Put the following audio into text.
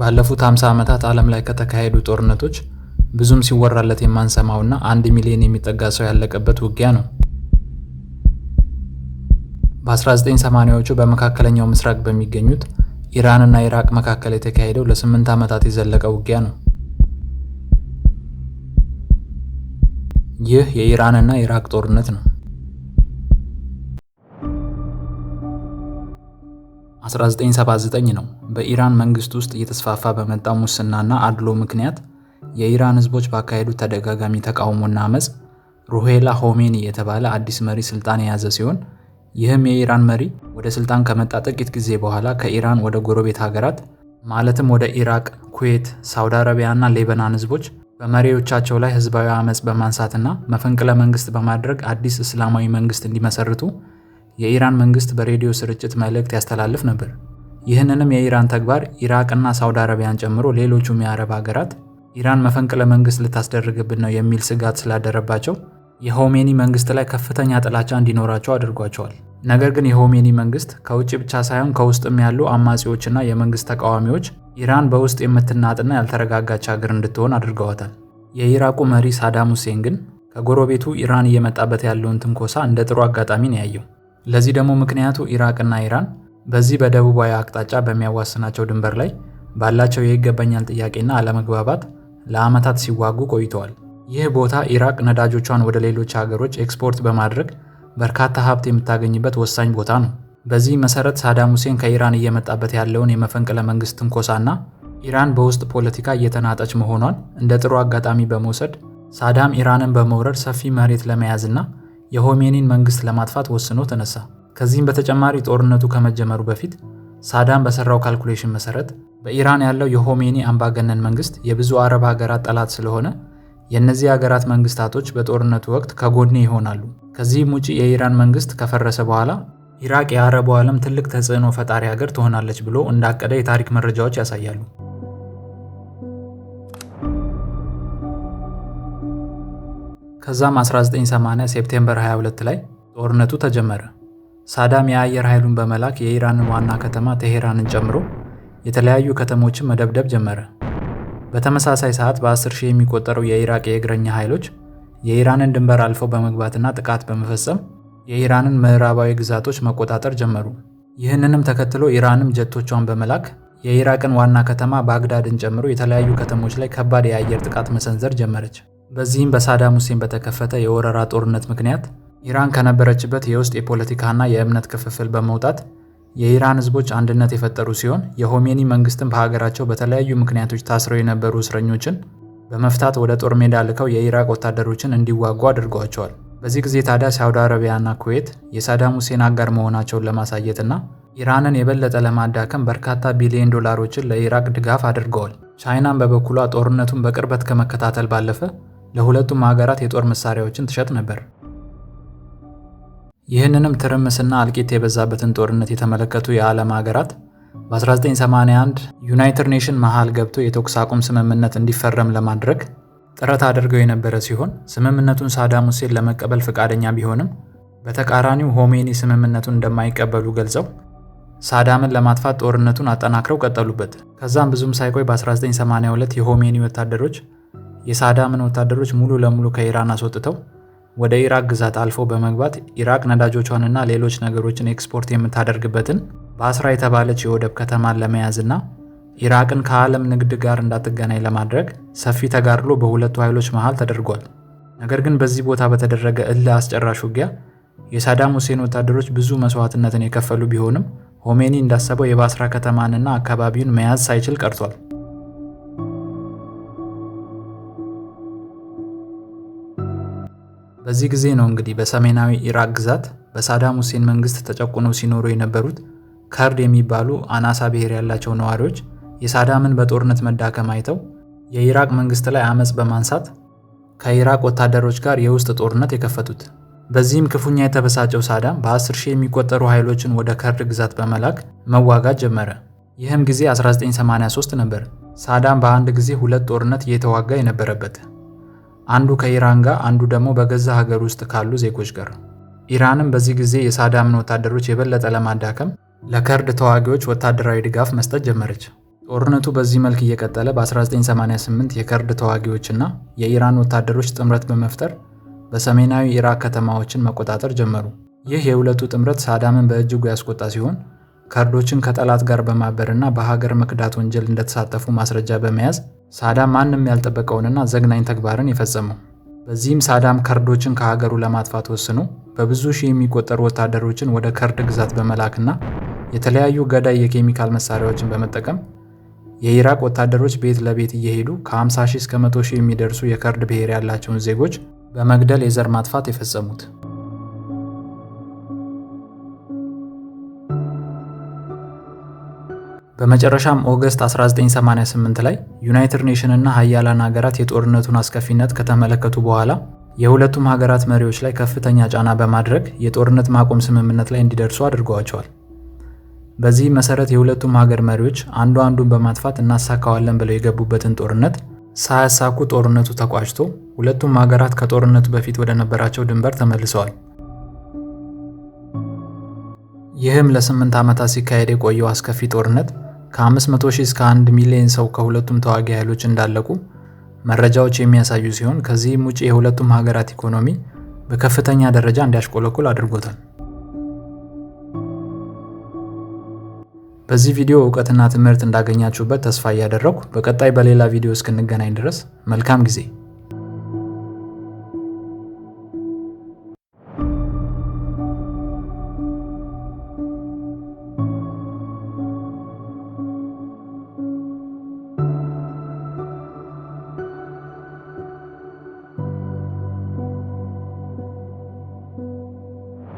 ባለፉት 50 ዓመታት ዓለም ላይ ከተካሄዱ ጦርነቶች ብዙም ሲወራለት የማንሰማውና አንድ ሚሊዮን የሚጠጋ ሰው ያለቀበት ውጊያ ነው። በ1980ዎቹ በመካከለኛው ምስራቅ በሚገኙት እና ኢራቅ መካከል የተካሄደው ለስምንት ዓመታት የዘለቀ ውጊያ ነው። ይህ እና ኢራቅ ጦርነት ነው። 1979 ነው በኢራን መንግስት ውስጥ እየተስፋፋ በመጣ ሙስናና አድሎ ምክንያት የኢራን ህዝቦች ባካሄዱ ተደጋጋሚ ተቃውሞና አመፅ ሩሄላ ሆሜኒ የተባለ አዲስ መሪ ስልጣን የያዘ ሲሆን ይህም የኢራን መሪ ወደ ስልጣን ከመጣ ጥቂት ጊዜ በኋላ ከኢራን ወደ ጎረቤት ሀገራት ማለትም ወደ ኢራቅ፣ ኩዌት፣ ሳውዲ አረቢያና ሌበናን ህዝቦች በመሪዎቻቸው ላይ ህዝባዊ አመፅ በማንሳትና መፈንቅለ መንግስት በማድረግ አዲስ እስላማዊ መንግስት እንዲመሰርቱ የኢራን መንግስት በሬዲዮ ስርጭት መልእክት ያስተላልፍ ነበር። ይህንንም የኢራን ተግባር ኢራቅና ሳውዲ አረቢያን ጨምሮ ሌሎቹም የአረብ ሀገራት ኢራን መፈንቅለ መንግስት ልታስደርግብን ነው የሚል ስጋት ስላደረባቸው የሆሜኒ መንግስት ላይ ከፍተኛ ጥላቻ እንዲኖራቸው አድርጓቸዋል። ነገር ግን የሆሜኒ መንግስት ከውጭ ብቻ ሳይሆን ከውስጥም ያሉ አማጺዎችና የመንግስት ተቃዋሚዎች ኢራን በውስጥ የምትናጥና ያልተረጋጋች ሀገር እንድትሆን አድርገዋታል። የኢራቁ መሪ ሳዳም ሁሴን ግን ከጎረቤቱ ኢራን እየመጣበት ያለውን ትንኮሳ እንደ ጥሩ አጋጣሚ ነው ያየው። ለዚህ ደግሞ ምክንያቱ ኢራቅና ኢራን በዚህ በደቡባዊ አቅጣጫ በሚያዋስናቸው ድንበር ላይ ባላቸው የይገባኛል ጥያቄና አለመግባባት ለዓመታት ሲዋጉ ቆይተዋል። ይህ ቦታ ኢራቅ ነዳጆቿን ወደ ሌሎች ሀገሮች ኤክስፖርት በማድረግ በርካታ ሀብት የምታገኝበት ወሳኝ ቦታ ነው። በዚህ መሰረት ሳዳም ሁሴን ከኢራን እየመጣበት ያለውን የመፈንቅለ መንግስት ትንኮሳና ኢራን በውስጥ ፖለቲካ እየተናጠች መሆኗን እንደ ጥሩ አጋጣሚ በመውሰድ ሳዳም ኢራንን በመውረር ሰፊ መሬት ለመያዝና የሆሜኒን መንግስት ለማጥፋት ወስኖ ተነሳ። ከዚህም በተጨማሪ ጦርነቱ ከመጀመሩ በፊት ሳዳም በሰራው ካልኩሌሽን መሰረት በኢራን ያለው የሆሜኒ አምባገነን መንግስት የብዙ አረብ ሀገራት ጠላት ስለሆነ የእነዚህ ሀገራት መንግስታቶች በጦርነቱ ወቅት ከጎኔ ይሆናሉ። ከዚህም ውጪ የኢራን መንግስት ከፈረሰ በኋላ ኢራቅ የአረቡ ዓለም ትልቅ ተጽዕኖ ፈጣሪ ሀገር ትሆናለች ብሎ እንዳቀደ የታሪክ መረጃዎች ያሳያሉ። ከዛም 1980 ሴፕቴምበር 22 ላይ ጦርነቱ ተጀመረ። ሳዳም የአየር ኃይሉን በመላክ የኢራንን ዋና ከተማ ቴሄራንን ጨምሮ የተለያዩ ከተሞችን መደብደብ ጀመረ። በተመሳሳይ ሰዓት በ10 ሺህ የሚቆጠሩ የኢራቅ የእግረኛ ኃይሎች የኢራንን ድንበር አልፈው በመግባትና ጥቃት በመፈጸም የኢራንን ምዕራባዊ ግዛቶች መቆጣጠር ጀመሩ። ይህንንም ተከትሎ ኢራንም ጀቶቿን በመላክ የኢራቅን ዋና ከተማ ባግዳድን ጨምሮ የተለያዩ ከተሞች ላይ ከባድ የአየር ጥቃት መሰንዘር ጀመረች። በዚህም በሳዳም ሁሴን በተከፈተ የወረራ ጦርነት ምክንያት ኢራን ከነበረችበት የውስጥ የፖለቲካና የእምነት ክፍፍል በመውጣት የኢራን ህዝቦች አንድነት የፈጠሩ ሲሆን የሆሜኒ መንግስትም በሀገራቸው በተለያዩ ምክንያቶች ታስረው የነበሩ እስረኞችን በመፍታት ወደ ጦር ሜዳ ልከው የኢራቅ ወታደሮችን እንዲዋጉ አድርገዋቸዋል። በዚህ ጊዜ ታዲያ ሳውዲ አረቢያና ኩዌት የሳዳም ሁሴን አጋር መሆናቸውን ለማሳየትና ኢራንን የበለጠ ለማዳከም በርካታ ቢሊዮን ዶላሮችን ለኢራቅ ድጋፍ አድርገዋል። ቻይናም በበኩሏ ጦርነቱን በቅርበት ከመከታተል ባለፈ ለሁለቱም ሀገራት የጦር መሳሪያዎችን ትሸጥ ነበር። ይህንንም ትርምስና እልቂት የበዛበትን ጦርነት የተመለከቱ የዓለም ሀገራት በ1981 ዩናይትድ ኔሽን መሃል ገብቶ የተኩስ አቁም ስምምነት እንዲፈረም ለማድረግ ጥረት አድርገው የነበረ ሲሆን ስምምነቱን ሳዳም ሁሴን ለመቀበል ፈቃደኛ ቢሆንም በተቃራኒው ሆሜኒ ስምምነቱን እንደማይቀበሉ ገልጸው ሳዳምን ለማጥፋት ጦርነቱን አጠናክረው ቀጠሉበት። ከዛም ብዙም ሳይቆይ በ1982 የሆሜኒ ወታደሮች የሳዳምን ወታደሮች ሙሉ ለሙሉ ከኢራን አስወጥተው ወደ ኢራቅ ግዛት አልፎ በመግባት ኢራቅ ነዳጆቿንና ሌሎች ነገሮችን ኤክስፖርት የምታደርግበትን ባስራ የተባለች የወደብ ከተማን ለመያዝና ኢራቅን ከዓለም ንግድ ጋር እንዳትገናኝ ለማድረግ ሰፊ ተጋድሎ በሁለቱ ኃይሎች መሃል ተደርጓል። ነገር ግን በዚህ ቦታ በተደረገ እልህ አስጨራሽ ውጊያ የሳዳም ሁሴን ወታደሮች ብዙ መስዋዕትነትን የከፈሉ ቢሆንም ሆሜኒ እንዳሰበው የባስራ ከተማንና አካባቢውን መያዝ ሳይችል ቀርቷል። በዚህ ጊዜ ነው እንግዲህ በሰሜናዊ ኢራቅ ግዛት በሳዳም ሁሴን መንግስት ተጨቁነው ሲኖሩ የነበሩት ከርድ የሚባሉ አናሳ ብሔር ያላቸው ነዋሪዎች የሳዳምን በጦርነት መዳከም አይተው የኢራቅ መንግስት ላይ አመፅ በማንሳት ከኢራቅ ወታደሮች ጋር የውስጥ ጦርነት የከፈቱት። በዚህም ክፉኛ የተበሳጨው ሳዳም በ10 ሺህ የሚቆጠሩ ኃይሎችን ወደ ከርድ ግዛት በመላክ መዋጋት ጀመረ። ይህም ጊዜ 1983 ነበር። ሳዳም በአንድ ጊዜ ሁለት ጦርነት እየተዋጋ የነበረበት አንዱ ከኢራን ጋር አንዱ ደግሞ በገዛ ሀገር ውስጥ ካሉ ዜጎች ጋር ነው። ኢራንም በዚህ ጊዜ የሳዳምን ወታደሮች የበለጠ ለማዳከም ለከርድ ተዋጊዎች ወታደራዊ ድጋፍ መስጠት ጀመረች። ጦርነቱ በዚህ መልክ እየቀጠለ በ1988 የከርድ ተዋጊዎችና የኢራን ወታደሮች ጥምረት በመፍጠር በሰሜናዊ ኢራቅ ከተማዎችን መቆጣጠር ጀመሩ። ይህ የሁለቱ ጥምረት ሳዳምን በእጅጉ ያስቆጣ ሲሆን ከርዶችን ከጠላት ጋር በማበርና በሀገር መክዳት ወንጀል እንደተሳተፉ ማስረጃ በመያዝ ሳዳም ማንም ያልጠበቀውንና ዘግናኝ ተግባርን የፈጸመው። በዚህም ሳዳም ከርዶችን ከሀገሩ ለማጥፋት ወስኖ በብዙ ሺህ የሚቆጠሩ ወታደሮችን ወደ ከርድ ግዛት በመላክና የተለያዩ ገዳይ የኬሚካል መሳሪያዎችን በመጠቀም የኢራቅ ወታደሮች ቤት ለቤት እየሄዱ ከ50 ሺህ እስከ 100 ሺህ የሚደርሱ የከርድ ብሔር ያላቸውን ዜጎች በመግደል የዘር ማጥፋት የፈጸሙት በመጨረሻም ኦገስት 1988 ላይ ዩናይትድ ኔሽን እና ሀያላን ሀገራት የጦርነቱን አስከፊነት ከተመለከቱ በኋላ የሁለቱም ሀገራት መሪዎች ላይ ከፍተኛ ጫና በማድረግ የጦርነት ማቆም ስምምነት ላይ እንዲደርሱ አድርገዋቸዋል። በዚህ መሰረት የሁለቱም ሀገር መሪዎች አንዱ አንዱን በማጥፋት እናሳካዋለን ብለው የገቡበትን ጦርነት ሳያሳኩ ጦርነቱ ተቋጭቶ ሁለቱም ሀገራት ከጦርነቱ በፊት ወደ ነበራቸው ድንበር ተመልሰዋል። ይህም ለስምንት ዓመታት ሲካሄድ የቆየው አስከፊ ጦርነት ከ500 ሺህ እስከ 1 ሚሊዮን ሰው ከሁለቱም ተዋጊ ኃይሎች እንዳለቁ መረጃዎች የሚያሳዩ ሲሆን ከዚህም ውጭ የሁለቱም ሀገራት ኢኮኖሚ በከፍተኛ ደረጃ እንዲያሽቆለቁል አድርጎታል። በዚህ ቪዲዮ እውቀትና ትምህርት እንዳገኛችሁበት ተስፋ እያደረኩ በቀጣይ በሌላ ቪዲዮ እስክንገናኝ ድረስ መልካም ጊዜ